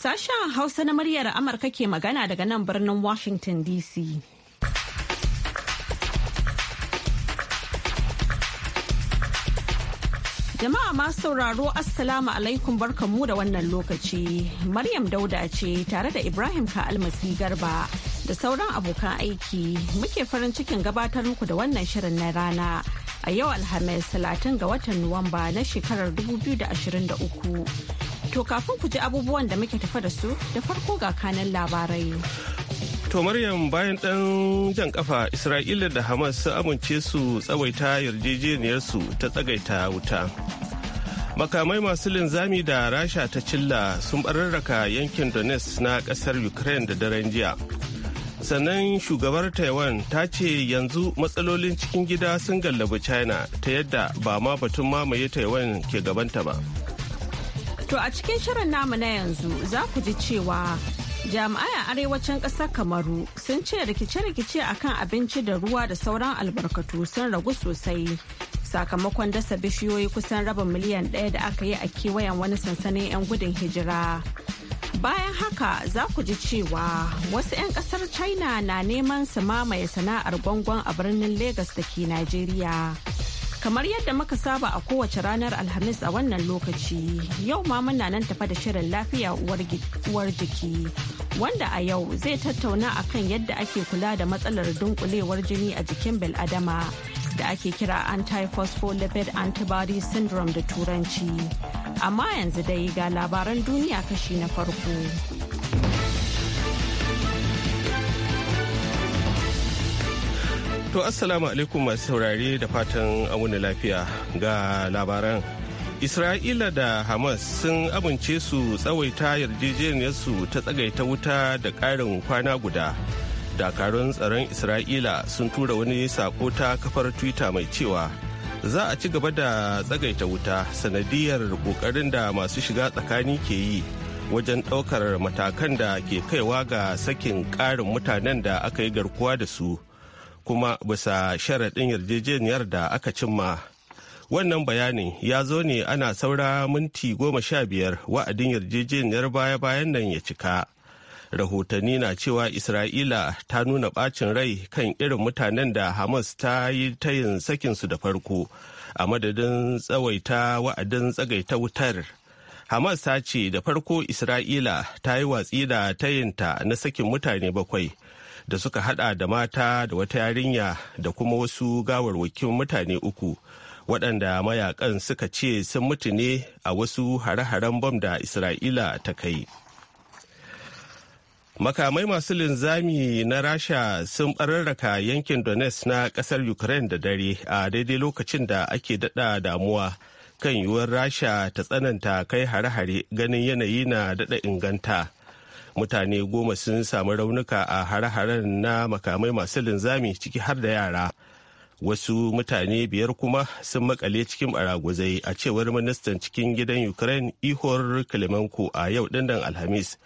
Sashen Hausa na muryar Amurka ke magana daga nan birnin Washington DC. Jama'a ma sauraro Assalamu alaikum barkamu da wannan lokaci. Maryam Dauda ce tare da Ibrahim Ka'almasi Garba. da sauran abokan aiki muke farin cikin gabatar muku da wannan shirin na rana a yau alhamis 30 ga watan nuwamba na shekarar 2023 to kafin ku ji abubuwan da muke tafa da su da farko ga kanan labarai To Maryam bayan dan jan kafa Isra'ila da Hamas su amince su tsawaita yarjejeniyar su ta tsagaita wuta. Makamai masu linzami da rasha ta cilla sun bararraka yankin Donetsk na kasar Ukraine da daren jiya. sannan shugabar taiwan ta ce yanzu matsalolin cikin gida sun gallabi china ta yadda ba ma batun mamaye taiwan ke gabanta ba to a cikin shirin namu na yanzu za ku ji cewa jami'ai a arewacin ƙasar kamaru sun ce rikice-rikice akan abinci da ruwa da sauran albarkatu sun ragu sosai sakamakon dasa bishiyoyi kusan rabin miliyan ɗaya da aka yi a kewayen wani sansanin 'yan gudun hijira Bayan haka za ku ji cewa wasu 'yan kasar China na neman su mamaye sana'ar gwangwan a birnin Legas da ke Najeriya. Kamar yadda muka saba a kowace ranar Alhamis a wannan lokaci, yau ma muna nan tafa da shirin lafiya uwar jiki, wanda a yau zai tattauna akan yadda ake kula da matsalar dunkulewar jini a jikin bil'adama da ake kira antiphospholipid antibody syndrome da turanci amma yanzu dai ga labaran duniya kashi na farko To assalamu alaikum masu saurare da fatan amuna lafiya ga labaran. Isra'ila da Hamas sun amince su tsawaita yarjejeniyarsu ta tsagaita wuta da ƙarin kwana guda dakarun tsaron isra'ila sun tura wani sako ta kafar twitter mai cewa za a ci gaba da tsagaita wuta sanadiyar kokarin da masu shiga tsakani ke yi wajen ɗaukar matakan da ke kaiwa ga sakin ƙarin mutanen da aka yi garkuwa da su kuma bisa sharaɗin yarjejeniyar da aka cimma wannan bayanin ya zo ne ana saura minti goma sha biyar wa'adin yarjejeniyar baya-bayan nan ya cika rahotanni na cewa isra'ila ta nuna bacin rai kan irin mutanen da hamas ta yi tayin sakinsu da farko a madadin tsawaita wa'adin tsagaita wutar hamas ta ce da farko isra'ila ta yi watsi da tayinta na sakin mutane bakwai da suka hada da mata da wata yarinya da kuma wasu gawarwakin mutane uku waɗanda mayakan suka ce sun mutu ne a wasu hare-haren bom da isra'ila ta kai. makamai masu linzami na rasha sun bararraka yankin donetsk na kasar ukraine da dare a daidai lokacin da ake dada damuwa kan yiwuwar rasha ta tsananta kai hare-hare ganin yanayi na dada inganta mutane goma sun samu raunuka a hare-haren na makamai masu linzami ciki har da yara wasu mutane biyar kuma sun makale cikin baragwazai a cewar ministan cikin gidan ukraine ihor klemenko a yau dindan alhamis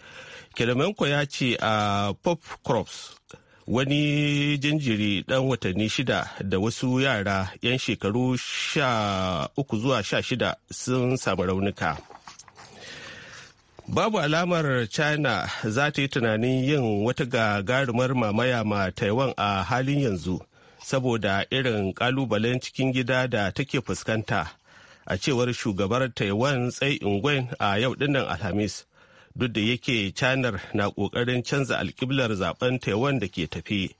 Kelemenko ya ce a Pop Crops wani jinjiri dan watanni shida da wasu yara 'yan shekaru sha uku zuwa sha shida sun samu raunuka. Babu alamar China za ta yi tunanin yin wata gagarumar mamaya ma Taiwan a halin yanzu saboda irin kalubalen cikin gida da take fuskanta a cewar shugabar Taiwan Tsai Ingwen a yau dinnan Alhamis. duk da yake canar na kokarin canza alkiblar zaben taiwan da ke tafi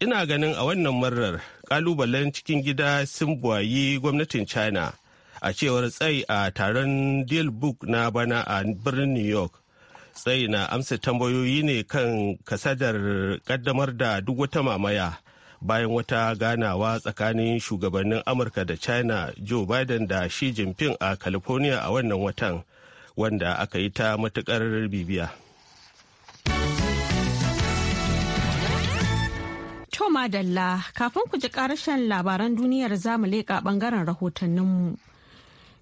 ina ganin a wannan marar kalubalen cikin gida sun buwayi gwamnatin china a cewar tsai a taron deal book na bana a birnin new york tsai na amsa tambayoyi ne kan kasadar kaddamar da duk wata mamaya bayan wata ganawa tsakanin shugabannin amurka da china joe biden da shi jinping a california a wannan watan wanda aka yi ta matukar bibiya. Toma Dalla kafin ku ji karashen labaran duniyar zamu leƙa bangaren rahotanninmu.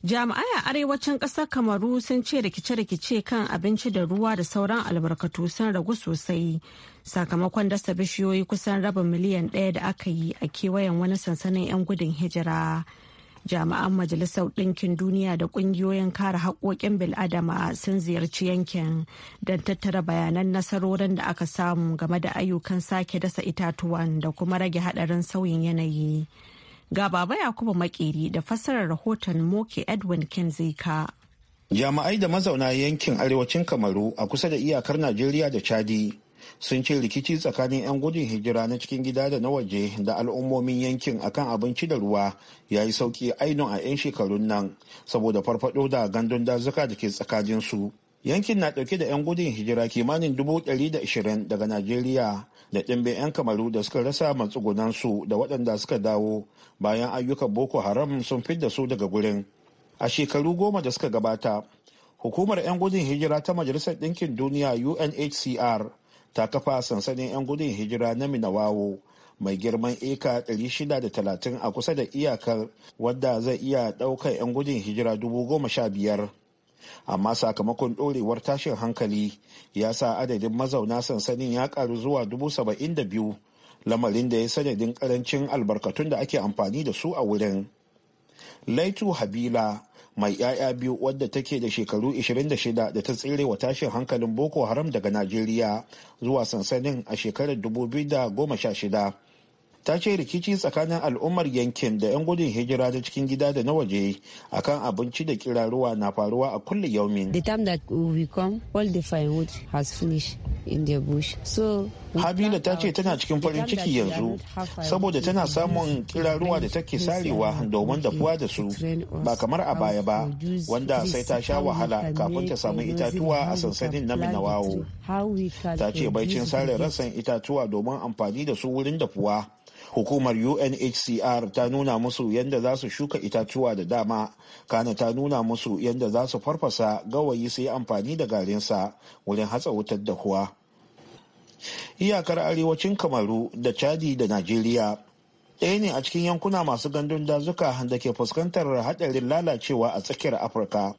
Jami'ai a arewacin ƙasar Kamaru sun ce rikice-rikice kan abinci da ruwa da sauran albarkatu sun ragu sosai sakamakon dasa bishiyoyi kusan rabin miliyan ɗaya da aka yi a kewayen wani sansanin 'yan gudun hijira. jami'an majalisar ɗinkin duniya da ƙungiyoyin kare haƙoƙin bil'adama sun ziyarci yankin don tattara bayanan nasarorin da aka samu game da ayyukan sake dasa itatuwan da kuma rage haɗarin sauyin yanayi ga baba yakubu makeri da fassarar rahoton moke edwin kinzika jami'ai da mazauna yankin arewacin kamaru a kusa da iyakar najeriya da chadi sun ce rikici tsakanin 'yan gudun hijira na cikin gida da na waje da al'ummomin yankin akan abinci da ruwa ya yi sauki ainihin a 'yan shekarun nan saboda farfado da gandun dazuka da ke tsakaninsu yankin na dauke da 'yan gudun hijira kimanin 120 daga najeriya da dimbe 'yan kamaru da suka rasa su da waɗanda suka dawo bayan ayyukan boko haram sun fidda su daga gurin a shekaru goma da suka gabata hukumar 'yan gudun hijira ta majalisar ɗinkin duniya unhcr ta kafa sansanin 'yan gudun hijira na Minawawo mai girman eka 630 a kusa da iyakar wadda zai iya ɗaukar 'yan gudun hijira 15,000. Amma sakamakon ɗorewar tashin hankali ya sa adadin mazauna sansanin ya ƙaru zuwa 72,000 lamarin da ya sanadin ƙarancin albarkatun da ake amfani da su a wurin. Laitu Habila mai 'ya'ya biyu wadda take da shekaru 26 da ta tsere wa tashin hankalin boko haram daga najeriya zuwa sansanin a shekarar 2016 ta ce rikici tsakanin al'ummar yankin da 'yan gudun hijira ta cikin gida da na waje akan abinci da kiraruwa na faruwa a kulle yaumin. The time has So, Habila ta ce tana cikin farin ciki yanzu saboda tana samun kiraruwa da take sarewa uh, domin dafuwa da su ba kamar a baya ba wanda sai ta sha wahala kafin ta samu itatuwa a sansanin na Minawawo. Ta ce baicin sare rassan itatuwa domin amfani da su wurin dafuwa. hukumar unhcr ta nuna musu yadda za su shuka itatuwa da dama kana ta nuna musu yadda za su farfasa gawayi su yi amfani da garinsa wurin hatsa wutar da dahuwa iyakar arewacin kamaru da chadi da najeriya ɗaya ne a cikin yankuna masu gandun dazuka da ke fuskantar haɗarin lalacewa a tsakiyar afirka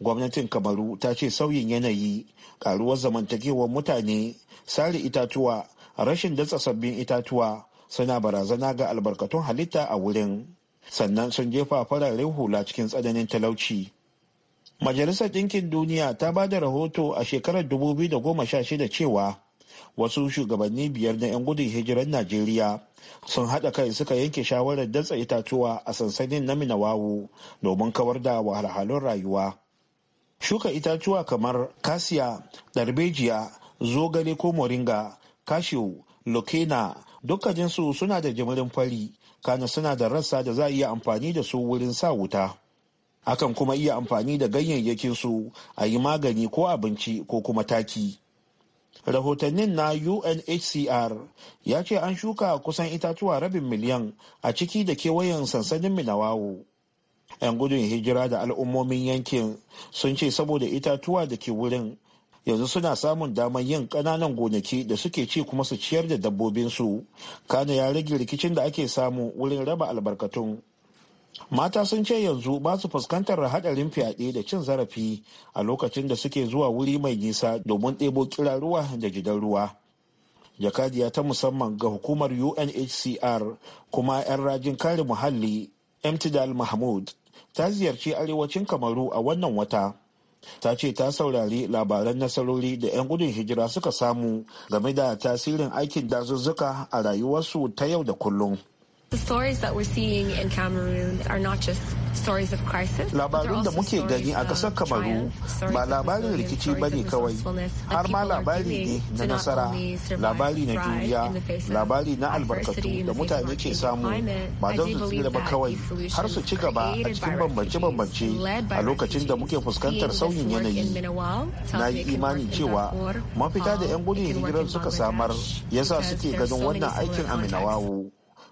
gwamnatin kamaru ta ce sauyin yanayi karuwar zamantakewar mutane sare itatuwa rashin datsa sabbin itatuwa suna barazana ga albarkatun halitta a wurin sannan sun jefa fararen hula cikin tsananin talauci majalisar ɗinkin duniya ta ba da rahoto a shekarar 2016 cewa wasu shugabanni biyar na 'yan gudun hijirar najeriya sun haɗa kai suka yanke shawarar datsa itatuwa a sansanin na minawawu domin kawar da wahalhalun rayuwa shuka itatuwa kamar kasiya darbejiya zogale ko moringa kashiw lokena dukkaninsu suna da jimirin fari kana suna da rassa da za a iya amfani da su wurin sa wuta akan kuma iya amfani da ganyayyakin su a yi magani ko abinci ko kuma taki rahotannin na unhcr ya ce an shuka kusan itatuwa rabin miliyan a ciki da kewayen sansanin minawawo 'yan gudun hijira da al'ummomin yankin sun ce saboda itatuwa da ke wurin yanzu suna samun damar yin ƙananan gonaki da suke ci kuma su ciyar da dabbobinsu kana ya rage rikicin da ake samu wurin raba albarkatun mata sun ce yanzu ba su fuskantar haɗarin fyaɗe da cin zarafi a lokacin da suke zuwa wuri mai nisa domin ɗebo kira ruwa da gidan ruwa jakadiya ta musamman ga hukumar unhcr kuma 'yan rajin kare muhalli mtdal mahmud ta ziyarci arewacin kamaru a wannan wata ta ce ta saurari labaran nasarori da 'yan gudun hijira suka samu game da tasirin aikin dazuzzuka a rayuwarsu ta yau da kullum Labarun da muke gani a ƙasar Kamaru ba labarin rikici ba ne kawai, har ma labari ne na nasara, labari na juriya, labari na albarkatu da mutane ke samu ba don su tsira ba kawai har su ci gaba a cikin bambance-bambance a lokacin da muke fuskantar sauyin yanayi. Na yi imani cewa mafita da 'yan um, gudun hijirar suka samar yasa suke ganin wannan aikin aminawawo.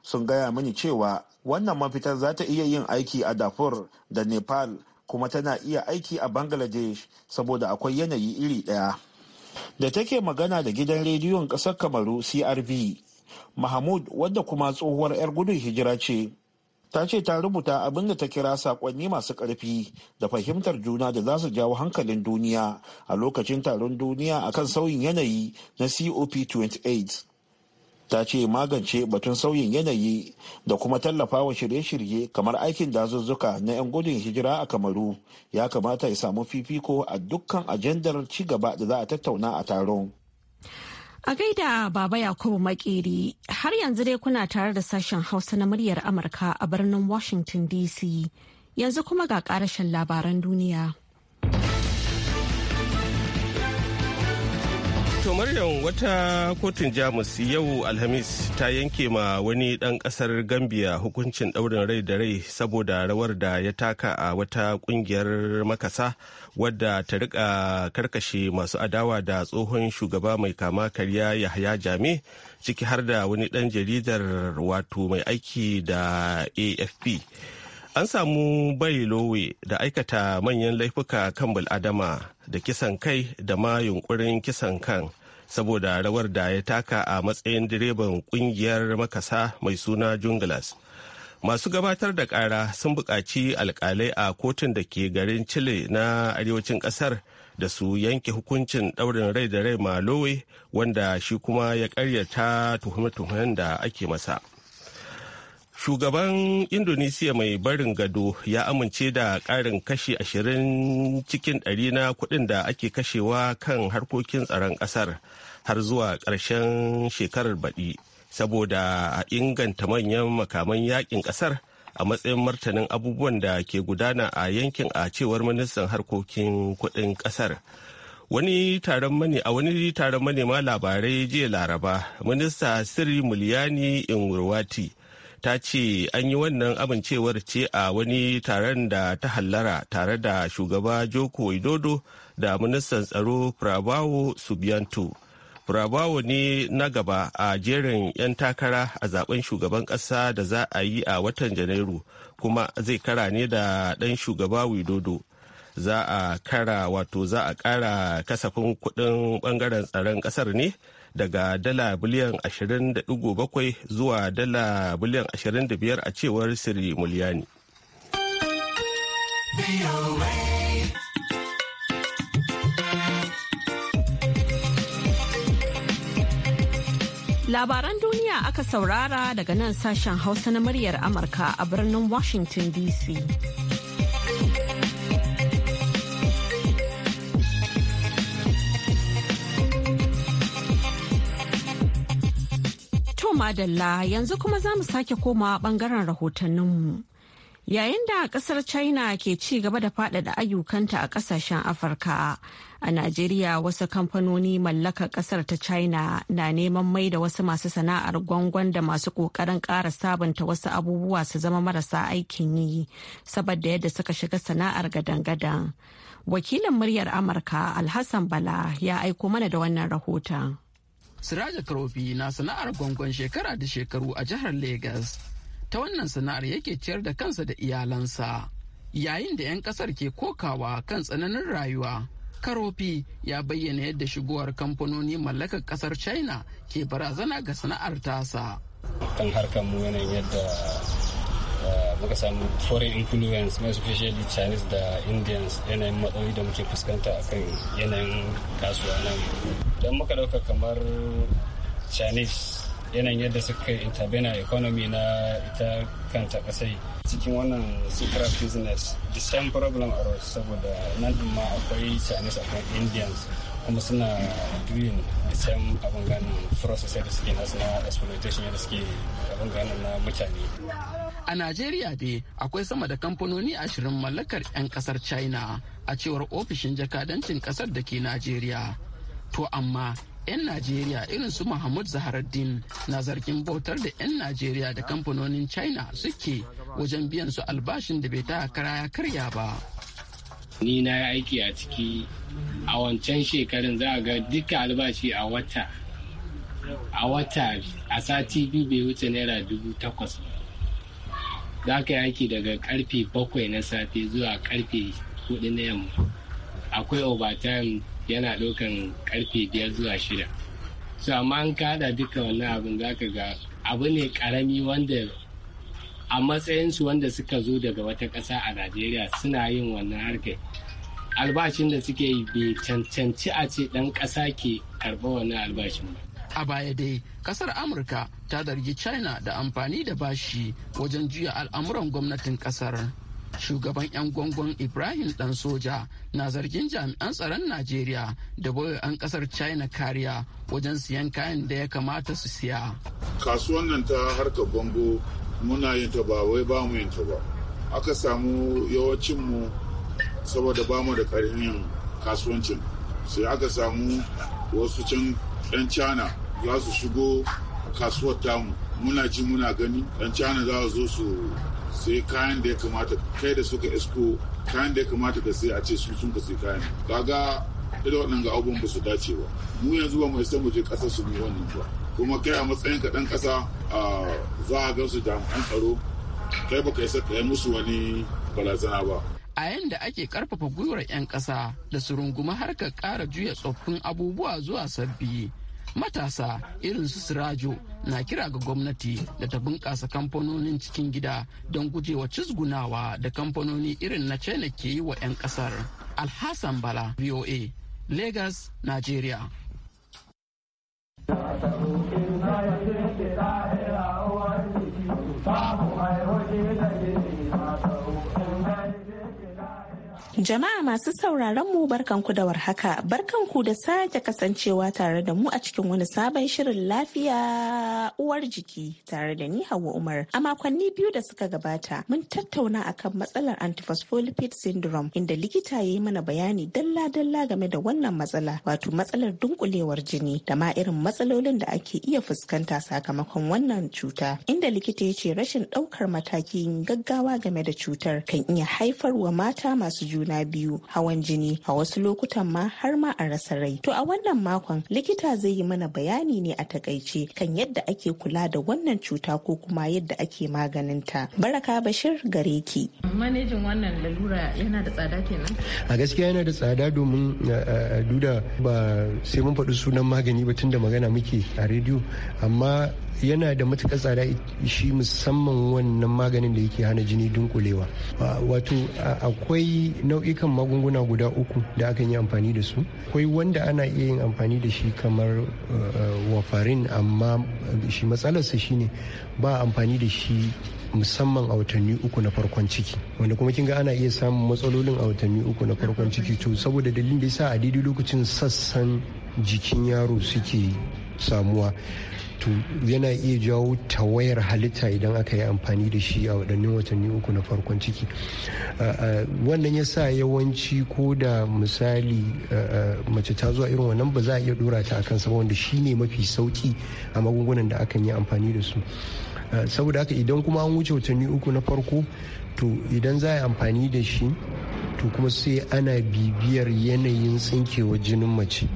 sun gaya mini cewa wannan mafitar za ta iya yin aiki a darfur da nepal kuma tana iya aiki a bangladesh saboda akwai yanayi iri ɗaya da take magana da gidan rediyon ƙasar kamaru crv mahmud wadda kuma tsohuwar 'yar gudun hijira ce ta ce ta rubuta abin da ta kira sakonni masu ƙarfi da fahimtar juna da za su jawo hankalin duniya a lokacin taron duniya akan sauyin yanayi na cop 28 ta ce magance batun sauyin yanayi da kuma tallafa wa shirye-shirye kamar aikin dazuzzuka na 'yan gudun hijira a kamaru ya kamata ya samu fifiko a dukkan ajandar gaba da za a tattauna a taron a gaida baba yakubu makeri har yanzu dai kuna tare da sashen hausa na muryar amurka a birnin washington dc yanzu kuma ga karashin labaran duniya To Maryam wata kotun Jamus yau Alhamis ta yanke ma wani dan kasar Gambia hukuncin daurin rai da rai saboda rawar da ya taka a wata kungiyar makasa wadda ta rika karkashe masu adawa da tsohon shugaba mai kama karya Yahaya jami ciki har da wani dan jaridar wato mai aiki da AFP. an samu bai lowe da aikata manyan laifuka kan bul'adama da kisan kai da ma yunkurin kisan kan saboda rawar da ya taka a matsayin direban kungiyar makasa mai suna junglas masu gabatar da kara sun buƙaci alkalai a kotun da ke garin chile na arewacin ƙasar da su yanke hukuncin ɗaurin rai da rai ma lowe wanda shi kuma ya ƙaryata tuhume-tuhumen da ake masa. shugaban indonesiya mai barin gado ya amince da karin kashe ashirin cikin ɗari na kuɗin da ake kashewa kan harkokin tsaron ƙasar har zuwa ƙarshen shekarar baɗi saboda a inganta manyan makaman yaƙin ƙasar a matsayin martanin abubuwan da ke gudana a yankin a cewar ministan harkokin kuɗin ƙasar wani taron mani a wani taron manema labarai jiya laraba minista sirri muliyani inwurwati ta ce an yi wannan amincewar ce a wani taron da ta hallara tare da shugaba joko widodo da ministan tsaro prabawo subianto prabawo ne na gaba a jerin 'yan takara a zaben shugaban ƙasa da za a yi a watan janairu kuma zai kara ne da ɗan shugaba widodo za a kara wato za a kara kasafin kudin bangaren tsaron kasar ne daga dala biliyan 20.7 zuwa dala biliyan 25 a cewar siri miliyani. labaran duniya aka saurara daga nan sashen hausa na muryar amurka a birnin washington dc madalla yanzu kuma za mu sake komawa bangaren rahotanninmu. Yayin da kasar China ke ci gaba da faɗaɗa ayyukanta a ƙasashen Afirka, a Najeriya wasu kamfanoni mallaka ƙasar ta China na neman mai da wasu masu sana'ar gwangon da masu ƙoƙarin ƙara sabunta wasu abubuwa su zama marasa aikin yi, saboda yadda suka shiga sana'ar gadan-gadan. Wakilin muryar Amurka Alhassan Bala ya aiko mana da wannan rahoton. Siraja Karofi na sana'ar gwangwan shekara da shekaru a jihar Legas. Ta wannan sana'ar yake ciyar da kansa da iyalansa. Yayin da 'yan kasar ke kokawa kan tsananin rayuwa. Karofi ya bayyana yadda shigowar kamfanoni mallakar kasar China ke barazana ga sana'ar tasa. Kan harkar mu yanayin yadda muka samu foreign influence mai especially chinese da indians yanayin matsaloli da muke fuskanta a kan yanayin kasuwa nan don muka dauka kamar chinese yanayin yadda suka intervene economy na ita kanta kasai cikin wannan sutura business the same problem arose saboda nan ma akwai chinese akwai indians kuma suna doing the same abin ganin process da suke na exploitation yadda suke abin ganin na mutane A Najeriya dai akwai sama da kamfanoni ashirin mallakar 'yan kasar China a cewar ofishin jakadancin kasar da ke Najeriya. To amma 'yan Najeriya irin su Muhammad Zaharuddin, na zargin bautar da 'yan Najeriya da kamfanonin China suke wajen biyan su albashin da bai ta kara ya karya ba. Ni na yi aiki a ciki a wancan shekarun za a ga duka albashi a wata a wata a sati biyu bai wuce naira dubu takwas ba. za ka yi aiki daga karfe bakwai na safe zuwa karfe hudu na yamma akwai overtime yana ɗaukan karfe biyar zuwa shida Su amma an kada duka wannan abin za ka ga abu ne karami wanda a matsayinsu wanda suka zo daga wata ƙasa a najeriya suna yin wannan harkar albashin da suke yi bai cancanci a ce ɗan ƙasa ke karɓa wannan albashin ba a baya dai kasar amurka ta zargi china da amfani da bashi wajen juya al'amuran gwamnatin kasar shugaban 'yan gwangon ibrahim dan soja na zargin jami'an tsaron najeriya da boye 'yan kasar china kariya wajen siyan kayan da ya kamata su siya kasuwan nan ta harkar gwango muna yin ta ba wai ba mu yin ta ba aka samu yawancin mu saboda ba mu da karfin kasuwancin sai aka samu wasu can 'yan china za su shigo kasuwar tamu muna ji muna gani dan china za su zo su sai kayan da ya kamata kai da suka isko kayan da ya kamata da sai a ce su sun ka sai kayan kaga irin ga abubuwan ba su dace ba mu yanzu ba mu isa mu je ƙasar su mu wannan ba kuma kai a matsayin ka ɗan ƙasa za a gan gansu jami'an tsaro kai baka isa ka yi musu wani barazana ba a yadda ake karfafa gwiwar 'yan ƙasa da su runguma harkar ƙara juya tsoffin abubuwa zuwa sabbi matasa irin su sirajo na kira ga gwamnati da ta bunƙasa kamfanonin cikin gida don gujewa cizgunawa da kamfanoni irin na china ke yi wa 'yan ƙasar alhassan bala voa lagos nigeria Jama'a masu sauraron mu barkanku da warhaka, barkanku da sake kasancewa tare da mu a cikin wani sabon shirin lafiya uwar jiki tare da ni Hauwa Umar. A makonni biyu da suka gabata, mun tattauna akan matsalar antiphospholipid syndrome inda likita ya yi mana bayani dalla-dalla game da wannan matsala, wato matsalar dunkulewar jini da ma irin matsalolin da ake iya fuskanta sakamakon wannan cuta. Inda likita ya ce rashin ɗaukar matakin gaggawa game da cutar kan iya haifarwa mata masu juna juna biyu hawan jini a wasu lokutan ma har ma a rasa rai to a wannan makon likita zai yi mana bayani ne a takaice kan yadda ake kula da wannan cuta ko kuma yadda ake maganinta baraka bashir gare ki manejin wannan lalura yana da tsada kenan a gaskiya yana da tsada domin eh, eh, duda ba sai mun faɗi sunan magani ba tunda magana muke a rediyo amma yana da matuƙar tsada shi musamman wannan maganin da yake hana jini dunkulewa ah, wato ah, akwai na nau'ikan magunguna guda uku da aka yi amfani da su akwai wanda ana iya yin amfani da shi kamar eh, eh, warfarin amma shi matsalarsa shine ba amfani da shi musamman a watanni uku na farkon ciki wanda kuma kinga ana iya samun matsalolin a watanni uku na farkon ciki to saboda dalilin da sa a daidai lokacin sassan jikin yaro suke samuwa to yana iya jawo tawayar halitta idan aka yi amfani da shi a waɗannan watanni uku na farkon ciki wannan ya sa yawanci ko da misali mace ta zuwa irin wannan ba za a iya dora ta akan sa wanda shi ne mafi sauki a magungunan da akan yi amfani da su saboda haka idan kuma an wuce watanni uku na farko to idan za a yi amfani da shi to kuma sai ana bibiyar yanayin tsinkewar jinin mace.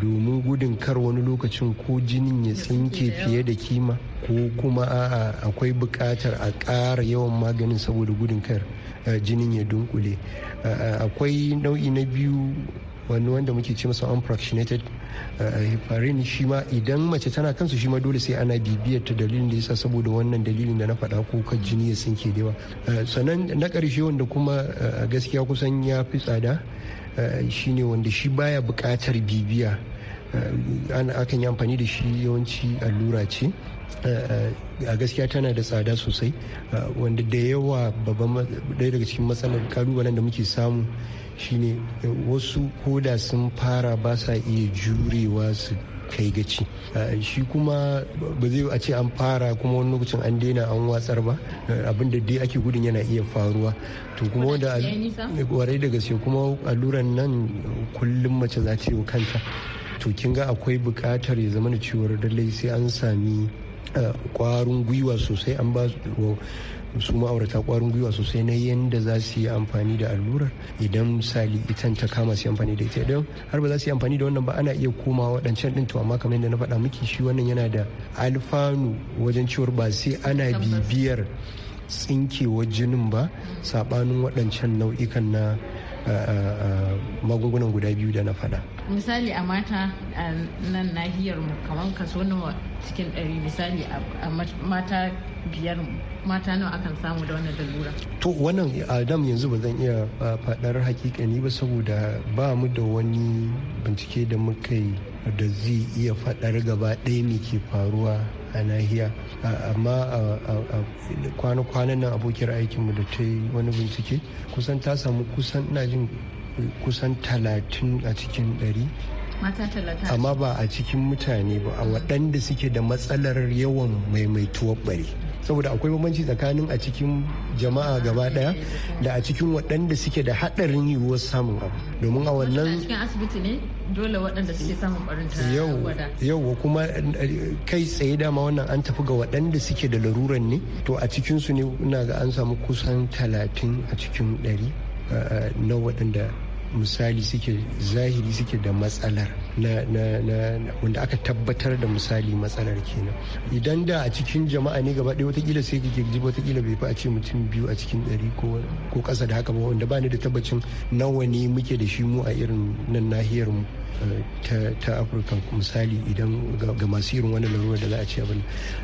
domin gudun kar wani lokacin ko jinin ya tsinke fiye da kima ko kuma a'a akwai bukatar a kara yawan maganin saboda gudun kar jinin ya dunkule akwai nau'i na biyu wani wanda muke ce masa unfractionated heparin shi ma idan mace tana kansu shi ma dole sai ana bibiyar ta dalilin da yasa saboda wannan dalilin da na faɗa ko kan jini ya sinke da yawa sannan na ƙarshe wanda kuma gaskiya kusan ya fi tsada Eh, shine wanda shi baya bukatar bibiya eh, akan yi amfani da shi yawanci allura ce eh, a gaskiya tana da tsada sosai wanda da yawa babban ɗaya daga cikin matsalar kalubalen da muke samu shine wasu koda sun fara ba sa iya jurewa su kai gaci shi kuma ba zai a ce an fara kuma wani lokacin an daina an watsar ba abin da dai ake gudun yana iya faruwa to kuma wanda warai da gaske kuma alluran nan kullum mace za ta yi kanta to kin ga akwai buƙatar ya zama da cewar dalai sai an sami kwarin eh, gwiwa sosai an ba su ma'aurata kwarin gwiwa sosai na yadda za su yi amfani da allurar idan misali itan ta kama su amfani da ita idan har ba za su yi amfani da wannan ba ana iya komawa waɗancan ɗin to amma kamar yadda na faɗa miki shi wannan yana da alfanu wajen cewar ba sai ana bibiyar tsinkewar jinin ba saɓanin waɗancan nau'ikan na eh, eh, eh, magungunan guda biyu da na faɗa. misali a mata a nan nahiyar mu kamar kaso nawa cikin ɗari misali a mata biyar mata nawa akan samu da wannan lalura to wannan adam yanzu ba zan iya faɗar hakikani ba saboda ba mu da wani bincike da muka yi da zai iya faɗar gaba ɗaya ne ke faruwa a nahiya amma kwana-kwanan nan abokiyar aikinmu da ta yi wani bincike kusan ta samu kusan ina jin kusan talatin a cikin ɗari amma ba a cikin mutane ba a waɗanda suke da matsalar yawan maimaituwar ɓari saboda akwai bambanci tsakanin a cikin jama'a gaba daya da a cikin waɗanda suke da haɗarin yiwuwar samun abu domin a wannan cikin asibiti ne dole waɗanda suke samun kuma eh, kai tsaye dama wannan an tafi ga waɗanda suke da laruran ne to a cikinsu ne ina ga an samu kusan talatin a cikin ɗari eh, eh, na waɗanda misali suke zahiri suke da matsalar wanda aka tabbatar da misali matsalar kenan idan da a cikin jama'a ne gaba ɗaya watakila sai kake ji watakila bai fi a ce mutum biyu a cikin ɗari ko ƙasa da haka ba wanda ba ni da tabbacin nawa ne muke da shi mu a irin nan nahiyar mu eh, ta afirka misali idan ga masu irin wani larura da za a ce abin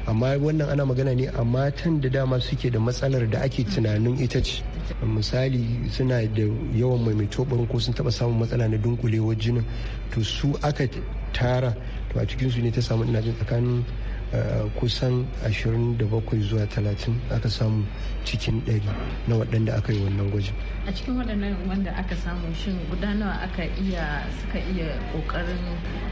amma wannan ana magana ne a matan da dama suke da matsalar da ake tunanin ita ce misali suna da yawan maimaito ko sun taba samun matsala na dunkulewar jinin to su aka tara to a cikinsu ne ta samu ina jin tsakanin Eh, kusan 27 zuwa 30 aka samu cikin 100 na waɗanda aka yi wannan gwajin a cikin waɗannan wanda aka samu shin nawa aka iya suka iya ƙoƙarin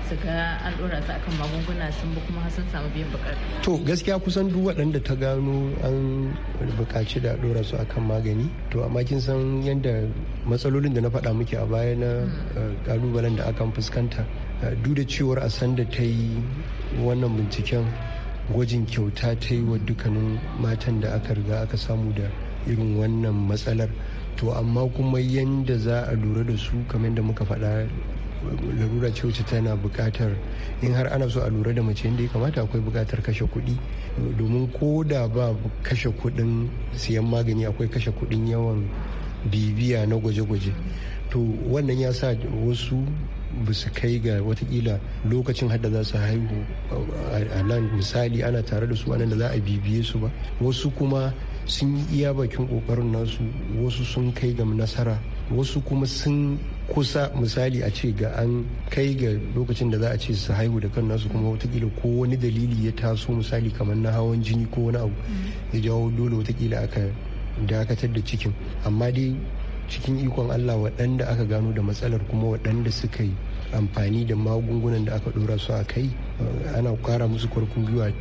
su ga an ɗora su akan magunguna sun bi kuma sun samu biyan buƙatu to gaskiya kusan duk waɗanda ta gano an buƙaci da ɗora su akan magani to amma kin san yadda matsalolin da na faɗa muke a baya na hmm. eh, ƙalubalen da akan fuskanta eh, duk da cewar a san da ta yi wannan binciken gwajin kyauta ta yi wa dukkanin matan da aka riga aka samu da irin wannan matsalar to amma kuma yadda za a lura da su kamar da muka faɗa larura ce wacce tana buƙatar in har ana so a lura da mace yadda ya kamata akwai buƙatar kashe kuɗi domin ko da ba kashe kuɗin siyan magani akwai kashe kuɗin yawan bibiya na gwaje-gwaje to wannan ya sa wasu ba su kai ga watakila lokacin hadda za su haihu a nan misali ana tare da su anan da za a bibiye su ba wasu kuma sun yi iya bakin kokarin nasu wasu sun kai ga nasara wasu kuma sun kusa misali a ce ga an kai ga lokacin da za a ce su haihu da kan nasu kuma watakila ko wani dalili ya taso misali kamar na hawan jini ko wani abu ya jawo dole watakila aka dakatar da cikin amma dai cikin ikon allah waɗanda aka gano da matsalar kuma waɗanda suka yi amfani da magungunan da aka dora su a kai ana kara musu kwarkun gwiwa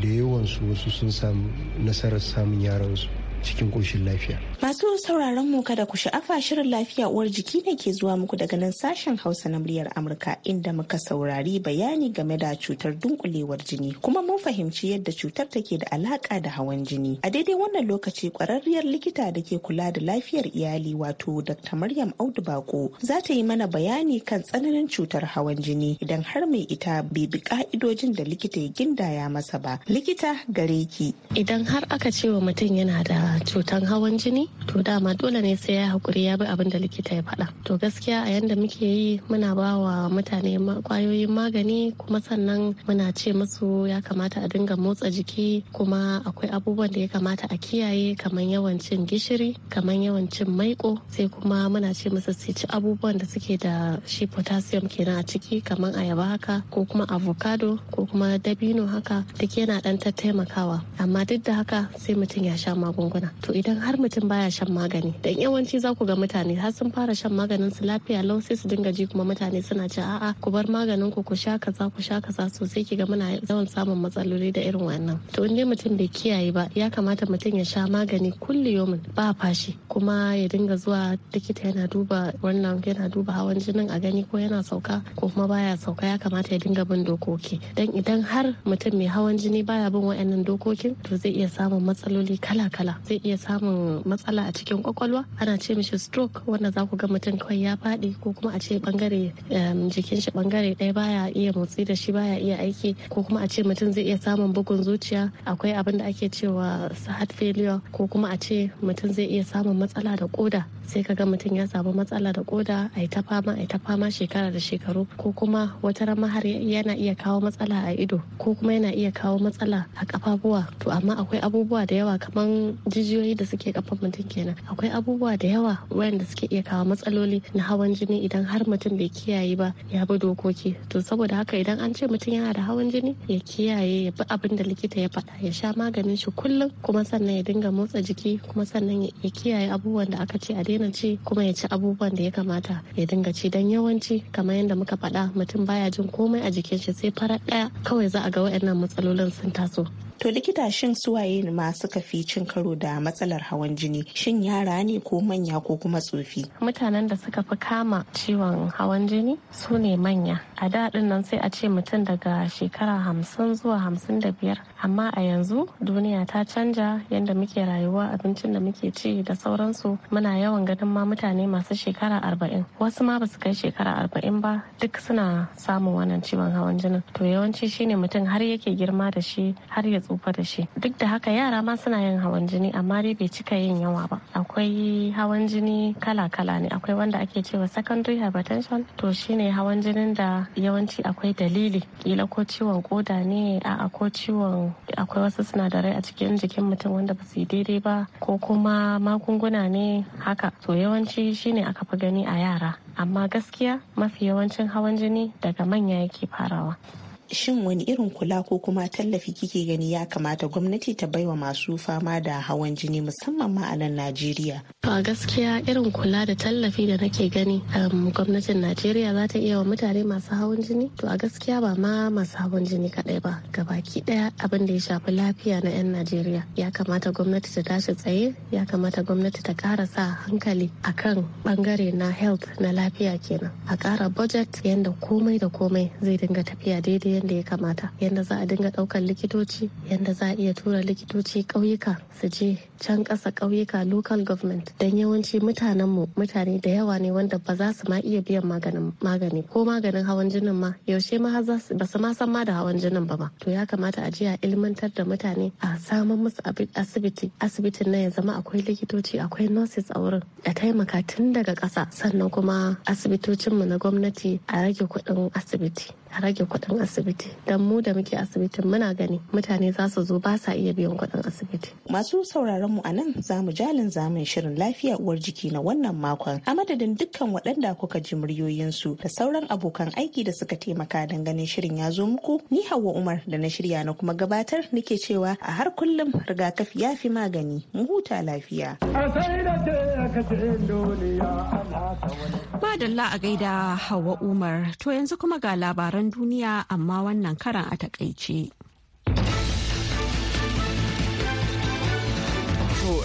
da yawansu wasu sun samu nasarar samun yaransu. cikin ƙoshin lafiya. Masu sauraron mu kada ku sha'afa shirin lafiya uwar jiki ne ke zuwa muku daga nan sashen Hausa na muryar Amurka inda muka saurari bayani game da cutar dunkulewar jini kuma mun fahimci yadda cutar take da alaka da hawan jini. A daidai wannan lokaci ƙwararriyar likita da ke kula da lafiyar iyali wato Dr. Maryam Audu Bako za ta yi mana bayani kan tsananin cutar hawan jini idan har mai ita bai bi ka'idojin da likita ya gindaya masa ba. Likita gare ki. Idan har aka ce wa mutum yana da cutan hawan jini to dama dole ne sai ya hakuri ya bi abin da likita ya faɗa to gaskiya a yanda muke yi muna ba wa mutane kwayoyin magani kuma sannan muna ce musu ya kamata a dinga motsa jiki kuma akwai abubuwan da ya kamata a kiyaye kamar yawan cin gishiri kamar yawan cin maiko sai kuma muna ce musu su ci abubuwan da suke da shi potassium kenan a ciki kamar ayaba haka ko kuma avocado ko kuma dabino haka duk yana dan taimakawa amma duk da haka sai mutum ya sha magunguna magana to idan har mutum baya shan magani dan yawanci za ku ga mutane har sun fara shan maganin su lafiya lau sai su dinga ji kuma mutane suna ce a'a ku bar maganin ku ku sha kaza ku sha kaza sosai ki ga muna yawan samun matsaloli da irin wannan to in dai mutum bai kiyaye ba ya kamata mutum ya sha magani kulle yomin ba fashi kuma ya dinga zuwa likita yana duba wannan yana duba hawan jinin a gani ko yana sauka ko kuma baya sauka ya kamata ya dinga bin dokoki dan idan har mutum mai hawan jini baya bin wa'annan dokokin to zai iya samun matsaloli kala-kala zai iya samun matsala a cikin kwakwalwa ana ce mishi stroke wanda za ku ga mutum kawai ya faɗi ko kuma a ce bangare jikin shi bangare ɗaya baya iya motsi da shi baya iya aiki ko kuma a ce mutum zai iya samun bugun zuciya akwai abin da ake cewa heart failure ko kuma a ce mutum zai iya samun matsala da koda sai ka ga mutum ya samu matsala da koda a ta fama a ta fama shekara da shekaru ko kuma wata rama har yana iya kawo matsala a ido ko kuma yana iya kawo matsala a kafafuwa to amma akwai abubuwa da yawa kamar. jijiyoyi da suke kafan mutum kenan akwai abubuwa da yawa wayanda suke iya kawo matsaloli na hawan jini idan har mutum bai kiyaye ba ya bi dokoki to saboda haka idan an ce mutum yana da hawan jini ya kiyaye ya bi abin da likita ya faɗa ya sha maganin shi kullum kuma sannan ya dinga motsa jiki kuma sannan ya kiyaye abubuwan da aka ce a daina ci kuma ya ci abubuwan da ya kamata ya dinga ci dan yawanci kamar yadda muka faɗa mutum baya jin komai a jikin shi sai farar ɗaya kawai za a ga waɗannan matsalolin sun taso To likita shin suwaye ma suka fi cin karo da matsalar hawan jini? Shin yara ne ko manya ko kuma tsofi? Mutanen da suka fi kama ciwon hawan jini su ne manya. A daɗin nan sai a ce mutum daga shekara hamsin zuwa hamsin da biyar. Amma a yanzu duniya ta canja yadda muke rayuwa abincin da muke ci da sauransu muna yawan ganin ma mutane masu shekara arba'in. Wasu ma basu kai shekara arba'in ba duk suna samun wannan ciwon hawan jinin. To yawanci shine mutum har yake girma da shi har ya tsufa da shi duk da haka yara ma suna yin hawan jini amma dai bai cika yin yawa ba akwai hawan jini kala-kala ne akwai wanda ake cewa secondary hypertension to shine hawan jinin da yawanci akwai dalili kila ko ciwon koda ne a ko ciwon akwai wasu sinadarai a cikin jikin mutum wanda ba su yi daidai ba ko kuma magunguna ne haka to yawanci shine aka fi gani a yara amma gaskiya mafi yawancin hawan jini daga manya yake farawa shin wani irin kula ko kuma tallafi kike gani ya kamata gwamnati ta baiwa masu fama da hawan jini musamman ma a nan najeriya a gaskiya irin kula da tallafi da nake gani um, gwamnatin najeriya za ta iya wa mutane masu hawan jini to a gaskiya ba ma masu hawan jini kadai ba gabaki ɗaya abin da ya shafi lafiya na 'yan najeriya ya kamata gwamnati ta tashi tsaye ya kamata gwamnati ta kara sa hankali akan ɓangare na health na lafiya kenan a kara budget yadda komai da komai zai dinga tafiya daidai yadda ya kamata yadda za a dinga ɗaukar likitoci yadda za a iya tura likitoci ƙauyuka su je can ƙasa ƙauyuka local government don yawanci mutanen mu mutane da yawa ne wanda ba za su ma iya biyan maganin magani ko maganin hawan jinin ma yaushe ma ba su ma san ma da hawan jinin ba ba to ya kamata a je a ilmantar da mutane a samun musu asibiti asibitin nan ya zama akwai likitoci akwai nurses a wurin a taimaka tun daga ƙasa sannan kuma asibitocin mu na gwamnati a rage kuɗin asibiti a rage kuɗin asibiti don mu da muke asibitin muna gani mutane za su zo ba sa iya biyan kuɗin asibiti. Masu sauraron mu a nan za mu jalin zamin shirin lafiya uwar jiki na wannan makon a madadin dukkan waɗanda kuka ji muryoyinsu da sauran abokan aiki da suka taimaka don ganin shirin ya zo muku ni hawa Umar da na shirya na kuma gabatar nake cewa a har kullum rigakafi ya fi magani mu huta lafiya. Madalla a gaida Hauwa Umar to yanzu kuma ga labaran labaran duniya amma wannan karan a takaice.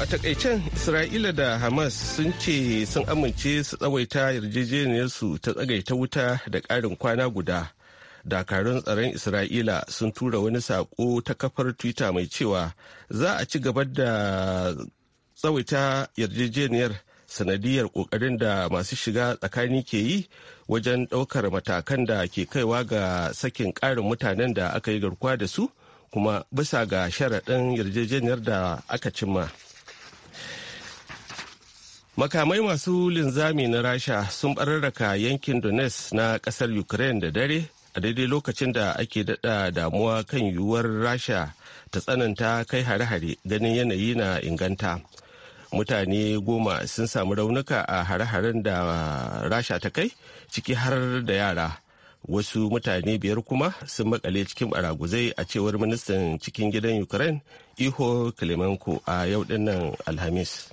a takaicen isra'ila da hamas sun ce sun amince su tsawaita yarjejeniyarsu ta tsagaita wuta da ƙarin kwana guda dakarun tsaron isra'ila sun tura wani sako ta kafar twitter mai cewa za a ci gaba da tsawaita yarjejeniyar sanadiyar kokarin da masu shiga tsakani ke yi wajen ɗaukar matakan da ke kaiwa ga sakin ƙarin mutanen da aka yi garkuwa da su kuma bisa ga sharaɗin yarjejeniyar da aka cimma. makamai masu linzami na rasha sun bararraka yankin donetsk na ƙasar ukraine da dare a daidai lokacin da ake daɗa damuwa kan yiwuwar rasha ta tsananta kai hare-hare ganin yanayi na inganta. mutane goma sun samu raunuka a hare-haren da rasha ta kai ciki har da yara wasu mutane biyar kuma sun makale cikin baraguzai a cewar ministan cikin gidan ukraine iho klemenko a yau dinnan alhamis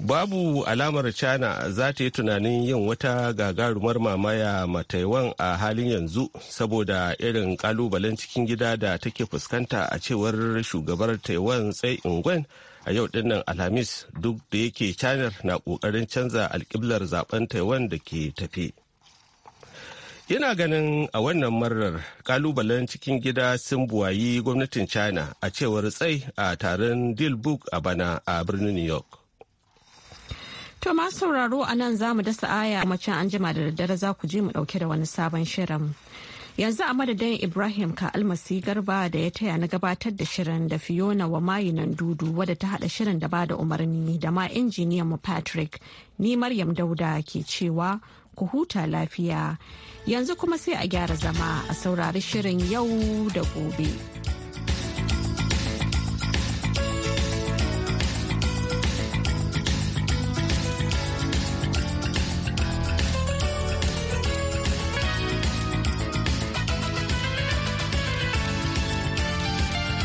babu alamar china za ta yi tunanin yin wata gagarumar mamaya mataiwan a halin yanzu saboda irin kalubalen cikin gida da take fuskanta a cewar shugabar taiwan tsai ingwen a yau dinnan alhamis duk da yake china na kokarin canza alkiblar zaben taiwan da ke tafi yana ganin a wannan marar kalubalen cikin gida sun buwayi gwamnatin china a cewar tsai a taron deal book a bana a birnin new york to masu sauraro a nan za mu dasa aya macen anjima da daddare za ku je mu dauke da wani sabon shirin yanzu a madadin ibrahim ka almasi garba da ya taya na gabatar da shirin da fiona wa mayinan dudu wadda ta hada shirin da ba da umarni da ma injiniyan mu patrick ni maryam dauda ke cewa ku huta lafiya yanzu kuma sai a gyara zama a saurari shirin yau da gobe.